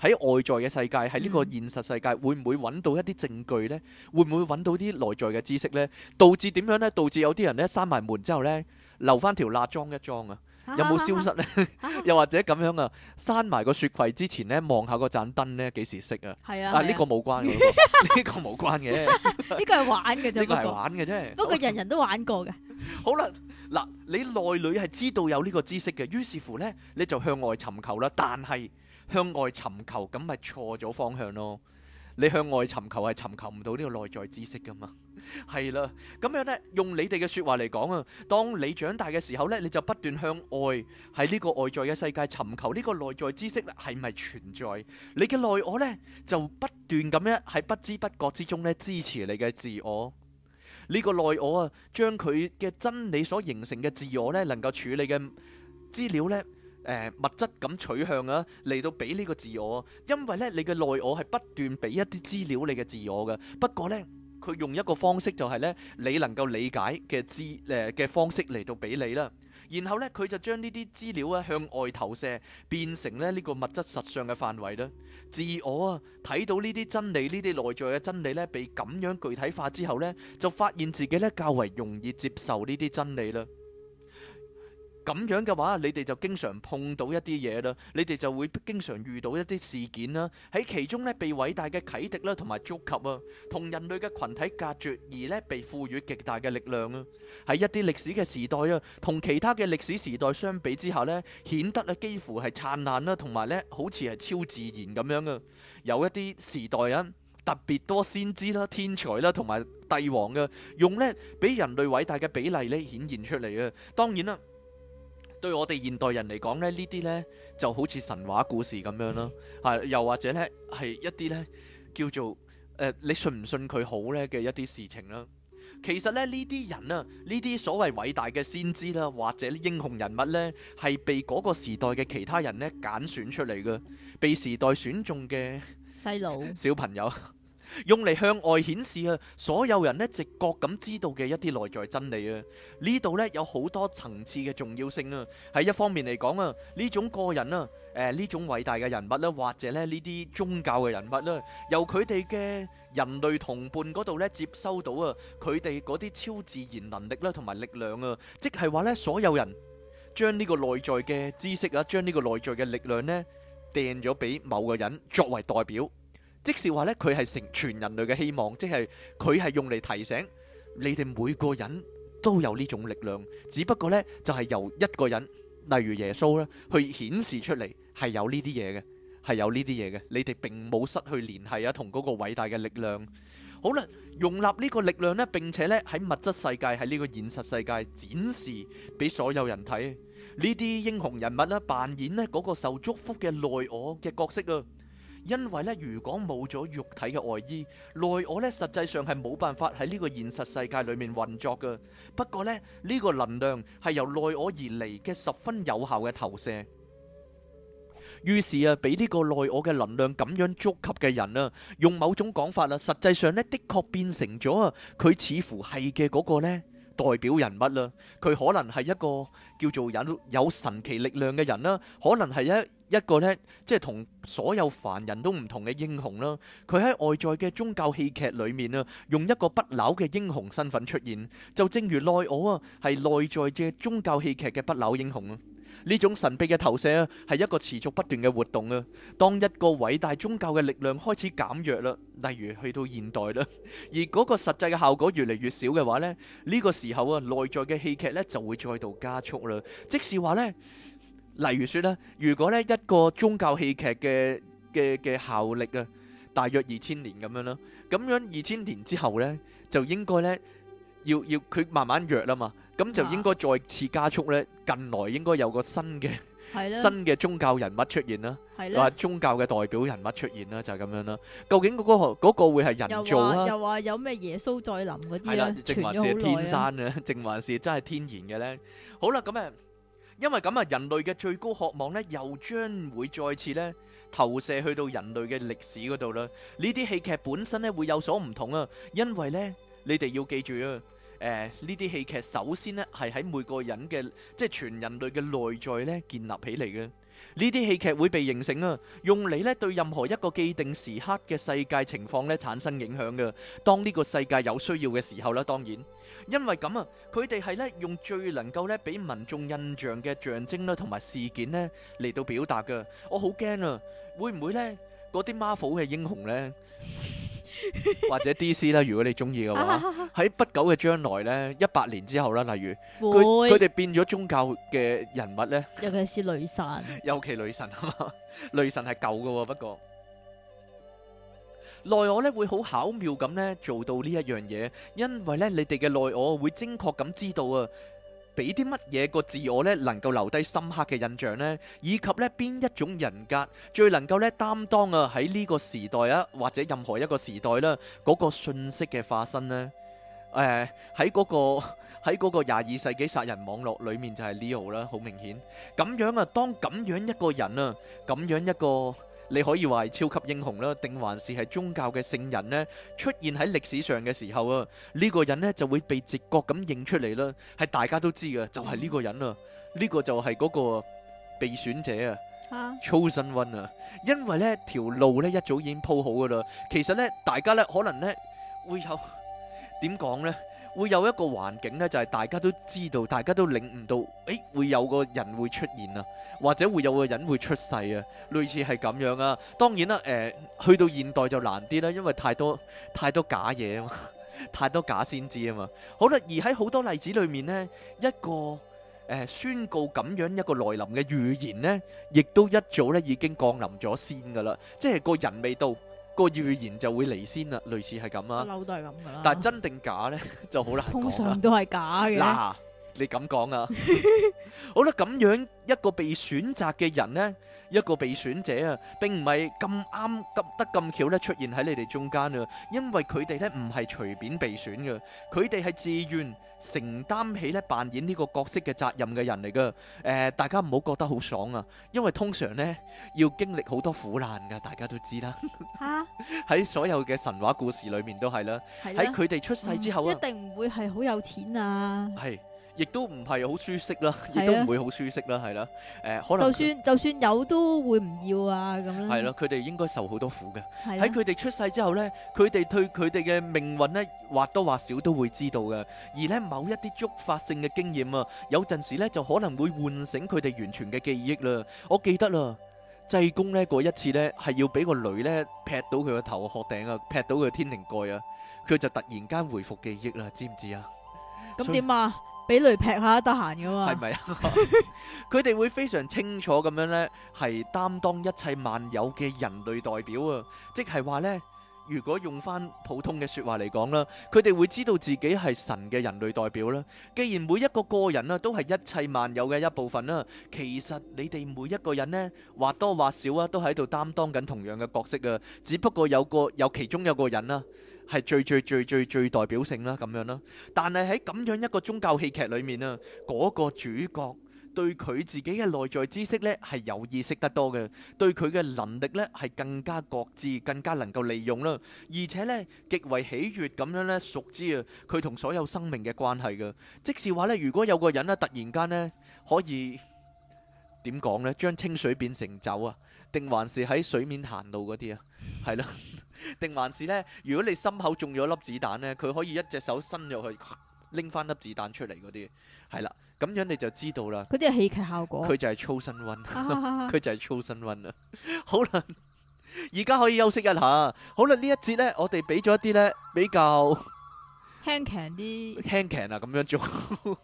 喺外在嘅世界，喺呢個現實世界，會唔會揾到一啲證據呢？會唔會揾到啲內在嘅知識呢？導致點樣呢？導致有啲人呢閂埋門之後呢，留翻條罅裝一裝啊！有冇消失咧？ 又或者咁樣啊？閂埋個雪櫃之前咧，望下個盞燈咧，幾時熄啊？係啊，啊呢、啊、個冇關嘅，呢、呢個冇 關嘅，呢 個係玩嘅啫，呢個係玩嘅啫。不過， 不過人人都玩過嘅。 好啦，嗱，你內裏係知道有呢個知識嘅，於是乎咧，你就向外尋求啦。但係向外尋求，咁咪錯咗方向咯。你向外尋求係尋求唔到呢個內在知識噶嘛？係啦，咁樣呢，用你哋嘅說話嚟講啊，當你長大嘅時候呢，你就不斷向外喺呢個外在嘅世界尋求呢個內在知識咧，係咪存在？你嘅內我呢，就不斷咁樣喺不知不覺之中咧支持你嘅自我。呢個內我啊，將佢嘅真理所形成嘅自我呢，能夠處理嘅資料呢，誒、呃，物質咁取向啊，嚟到俾呢個自我。因為呢，你嘅內我係不斷俾一啲資料你嘅自我嘅。不過呢。佢用一個方式就係咧，你能夠理解嘅知誒嘅、呃、方式嚟到俾你啦。然後咧，佢就將呢啲資料啊向外投射，變成咧呢個物質實相嘅範圍啦。自我啊睇到呢啲真理，呢啲內在嘅真理咧，被咁樣具體化之後咧，就發現自己咧較為容易接受呢啲真理啦。咁樣嘅話，你哋就經常碰到一啲嘢啦。你哋就會經常遇到一啲事件啦。喺其中呢，被偉大嘅啟迪啦，同埋觸及啊，同人類嘅群體隔絕而呢被賦予極大嘅力量啊。喺一啲歷史嘅時代啊，同其他嘅歷史時代相比之下呢，顯得呢幾乎係燦爛啦，同埋呢好似係超自然咁樣噶。有一啲時代啊，特別多先知啦、天才啦，同埋帝王嘅用呢比人類偉大嘅比例呢顯現出嚟啊。當然啦。對我哋現代人嚟講咧，呢啲呢就好似神話故事咁樣啦，啊， 又或者呢係一啲呢叫做誒、呃，你信唔信佢好呢嘅一啲事情啦。其實咧呢啲人啊，呢啲所謂偉大嘅先知啦、啊，或者英雄人物呢，係被嗰個時代嘅其他人呢揀選出嚟嘅，被時代選中嘅細佬小朋友。 用嚟向外顯示啊，所有人咧直覺咁知道嘅一啲內在真理啊，呢度咧有好多層次嘅重要性啊。喺一方面嚟講啊，呢種個人啊，誒呢種偉大嘅人物啦，或者咧呢啲宗教嘅人物啦，由佢哋嘅人類同伴嗰度咧接收到啊，佢哋嗰啲超自然能力啦，同埋力量啊，即係話咧所有人將呢個內在嘅知識啊，將呢個內在嘅力量咧掟咗俾某個人作為代表。即是話咧，佢係成全人類嘅希望，即係佢係用嚟提醒你哋每個人都有呢種力量，只不過咧就係由一個人，例如耶穌咧，去顯示出嚟係有呢啲嘢嘅，係有呢啲嘢嘅，你哋並冇失去聯繫啊，同嗰個偉大嘅力量。好啦，容納呢個力量咧，並且咧喺物質世界，喺呢個現實世界展示俾所有人睇，呢啲英雄人物咧，扮演咧嗰個受祝福嘅內我嘅角色啊。因為咧，如果冇咗肉體嘅外衣，內我咧實際上係冇辦法喺呢個現實世界裏面運作嘅。不過咧，呢、呢個能量係由內我而嚟嘅，十分有效嘅投射。於是啊，俾呢個內我嘅能量咁樣觸及嘅人啊，用某種講法啦、啊，實際上呢的確變成咗啊，佢似乎係嘅嗰個呢代表人物啦，佢可能係一個叫做人有，有神奇力量嘅人啦，可能係一一個咧，即係同所有凡人都唔同嘅英雄啦。佢喺外在嘅宗教戲劇裏面啊，用一個不朽嘅英雄身份出現，就正如內我啊，係內在嘅宗教戲劇嘅不朽英雄啊。呢種神秘嘅投射啊，係一個持續不斷嘅活動啊。當一個偉大宗教嘅力量開始減弱啦，例如去到現代啦，而嗰個實際嘅效果越嚟越少嘅話咧，呢個時候啊，內在嘅戲劇咧就會再度加速啦。即是話咧，例如說啦，如果咧一個宗教戲劇嘅嘅嘅效力啊，大約二千年咁樣啦，咁樣二千年之後咧，就應該咧要要佢慢慢弱啦嘛。咁就應該再次加速咧，近來應該有個新嘅新嘅宗教人物出現啦，或宗教嘅代表人物出現啦，就係咁樣啦。究竟嗰個嗰個會係人造啊？又話又話有咩耶穌再臨嗰啲啊？傳咗好耐。淨還是天生嘅？淨還是真係天然嘅咧？好啦，咁啊，因為咁啊，人類嘅最高渴望咧，又將會再次咧投射去到人類嘅歷史嗰度啦。呢啲戲劇本身咧會有所唔同啊，因為咧你哋要記住啊。誒，呢啲戲劇首先咧係喺每個人嘅，即係全人類嘅內在咧建立起嚟嘅。呢啲戲劇會被形成啊，用嚟咧對任何一個既定時刻嘅世界情況咧產生影響噶。當呢個世界有需要嘅時候啦，當然，因為咁啊，佢哋係咧用最能夠咧俾民眾印象嘅象徵啦，同埋事件咧嚟到表達噶。我好驚啊，會唔會咧嗰啲 Marvel 嘅英雄咧？或者 D.C. 啦，如果你中意嘅話，喺不久嘅將來咧，一百年之後啦，例如佢佢哋變咗宗教嘅人物咧，尤其是女神，尤其女神係嘛，女神係舊嘅，不過內我咧會好巧妙咁咧做到呢一樣嘢，因為咧你哋嘅內我會精確咁知道啊。俾啲乜嘢個自我咧，能夠留低深刻嘅印象咧，以及咧邊一種人格最能夠咧擔當啊，喺呢個時代啊，或者任何一個時代啦，嗰個信息嘅化身咧，誒喺嗰個喺嗰個廿二世紀殺人網絡裏面就係 Leo 啦，好明顯咁樣啊，當咁樣一個人啊，咁樣一個。你可以話係超級英雄啦，定還是係宗教嘅聖人呢？出現喺歷史上嘅時候啊，呢、這個人呢就會被直覺咁認出嚟啦，係大家都知嘅，就係、是、呢個人啊。呢、這個就係嗰個被選者啊，chosen one 啊，因為呢條路呢一早已經鋪好噶啦。其實呢，大家呢可能呢會有點講呢。會有一個環境呢，就係大家都知道，大家都領悟到，誒，會有個人會出現啊，或者會有個人會出世啊，類似係咁樣啊。當然啦，誒，去到現代就難啲啦，因為太多太多假嘢啊嘛，太多假先知啊嘛。好啦，而喺好多例子裏面呢，一個誒宣告咁樣一個來臨嘅預言呢，亦都一早呢已經降臨咗先噶啦，即係個人未到。個預言就會嚟先啦，類似係咁啊。孬都係咁噶啦。但係真定假咧，就好難講啦 通常都係假嘅。嗱 你咁講啊？好啦，咁樣一個被選擇嘅人咧。一個被選者啊，並唔係咁啱咁得咁巧咧出現喺你哋中間啊，因為佢哋咧唔係隨便被選嘅，佢哋係自願承擔起咧扮演呢個角色嘅責任嘅人嚟噶。誒，大家唔好覺得好爽啊，因為通常咧要經歷好多苦難噶，大家都知啦。吓！喺所有嘅神話故事裏面都係啦，喺佢哋出世之後一定唔會係好有錢啊。係。亦都唔係好舒適啦，亦都唔會好舒適啦，係啦，誒可能就算就算有都會唔要啊咁樣。係啦，佢哋應該受好多苦嘅。喺佢哋出世之後咧，佢哋對佢哋嘅命運咧或多或少都會知道嘅。而咧某一啲觸發性嘅經驗啊，有陣時咧就可能會喚醒佢哋完全嘅記憶啦。我記得啦，濟公咧嗰一次咧係要俾個雷咧劈到佢個頭殼頂啊，劈到佢天靈蓋啊，佢就突然間回復記憶啦，知唔知啊？咁點啊？俾雷劈下得閒噶嘛？係咪啊？佢哋會非常清楚咁樣呢，係擔當一切萬有嘅人類代表啊！即係話呢，如果用翻普通嘅說話嚟講啦，佢哋會知道自己係神嘅人類代表啦。既然每一個個人啊都係一切萬有嘅一部分啦，其實你哋每一個人呢，或多或少啊都喺度擔當緊同樣嘅角色啊。只不過有個有其中有個人啦。係最最最最最代表性啦，咁樣啦。但係喺咁樣一個宗教戲劇裏面啊，嗰個主角對佢自己嘅內在知識咧係有意識得多嘅，對佢嘅能力咧係更加覺知，更加能夠利用啦。而且咧極為喜悦咁樣咧，熟知啊佢同所有生命嘅關係噶。即是話咧，如果有個人咧突然間咧可以點講咧，將清水變成酒啊，定還是喺水面行路嗰啲啊？係咯。定還是咧？如果你心口中咗粒子彈咧，佢可以一隻手伸入去拎翻粒子彈出嚟嗰啲，係啦，咁樣你就知道啦。嗰啲係戲劇效果。佢就係超身溫，佢就係超身溫啊！好啦，而家可以休息一下。好啦，呢一節咧，我哋俾咗一啲咧比較輕強啲，輕強啊，咁樣做。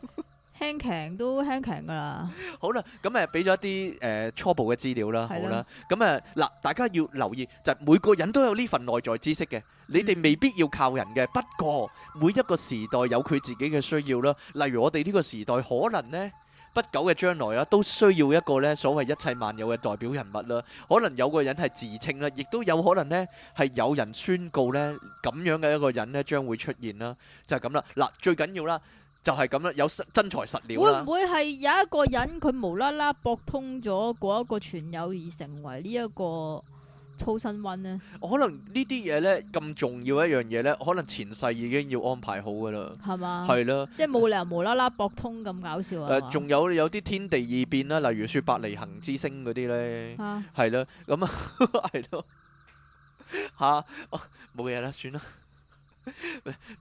輕強都輕強噶啦。好啦，咁誒俾咗一啲誒初步嘅資料啦，好啦。咁誒嗱，大家要留意就每個人都有呢份內在知識嘅，你哋未必要靠人嘅。不過每一個時代有佢自己嘅需要啦。例如我哋呢個時代可能咧不久嘅將來啊，都需要一個咧所謂一切萬有嘅代表人物啦。可能有個人係自稱啦，亦都有可能咧係有人宣告咧咁樣嘅一個人咧將會出現啦。就係咁啦。嗱，最緊要啦。就係咁啦，有真材實料啦。會唔會係有一個人佢無啦啦博通咗嗰一個傳友而成為呢一個操身溫呢？可能呢啲嘢呢，咁重要一樣嘢呢，可能前世已經要安排好噶啦。係嘛？係啦，即係冇理由無啦啦博通咁搞笑啊！仲有有啲天地異變啦，例如說伯利恆之星嗰啲呢，係啦咁啊，係咯，吓，冇嘢啦，算啦。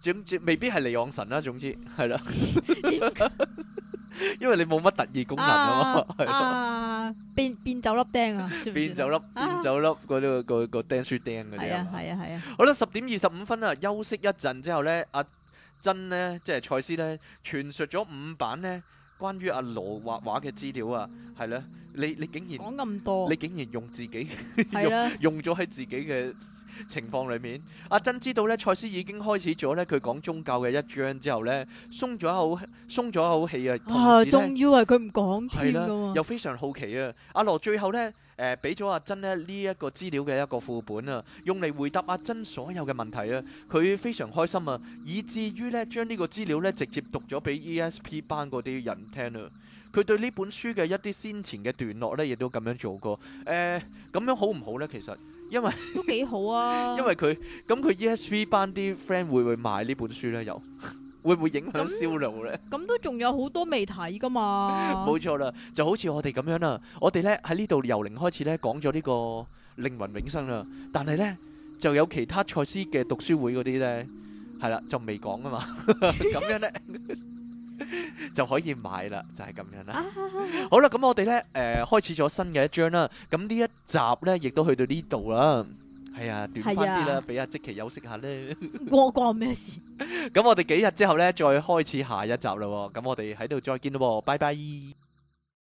總之未必係離昂神啦、啊，總之係啦，因為你冇乜特異功能啊嘛，係咯，變變走粒釘啊，變走粒知知變走粒嗰啲個個釘書釘嗰啲啊，係啊係啊好啦，十點二十五分啊，休息一陣之後咧，阿珍呢，即係蔡司咧，傳述咗五版呢關於阿羅畫畫嘅資料啊，係啦，你你，你竟然講咁多，你竟然用自己 用咗喺自己嘅。情況裏面，阿珍知道咧，賽斯已經開始咗咧佢講宗教嘅一章之後咧，鬆咗口鬆咗口氣啊！以為啊，仲佢唔講添噶又非常好奇啊！阿、啊、羅最後咧，誒俾咗阿珍咧呢一個資料嘅一個副本啊，用嚟回答阿珍所有嘅問題啊，佢非常開心啊，以至於咧將呢個資料咧直接讀咗俾 E S P 班嗰啲人聽啊，佢對呢本書嘅一啲先前嘅段落咧，亦都咁樣做過，誒、呃、咁樣好唔好咧？其實？因為都幾好啊！因為佢咁佢 ESB 班啲 friend 會唔會買呢本書咧？又 會唔會影響銷路咧？咁都仲有好多未睇噶嘛？冇錯啦，就好似我哋咁樣啦，啊，我哋咧喺呢度由零開始咧講咗呢個靈魂永生啦，但係咧就有其他賽斯嘅讀書會嗰啲咧係啦，就未講啊嘛，咁 樣咧呢。 就可以買啦，就係、是、咁樣啦。啊啊啊、 好啦，咁我哋咧，誒、呃，開始咗新嘅一章啦。咁呢一集咧，亦都去到呢度啦。係、哎、啊，短翻啲啦，俾阿積奇休息下咧。我關咩事？咁 我哋幾日之後咧，再開始下一集咯。咁我哋喺度再見咯，拜拜。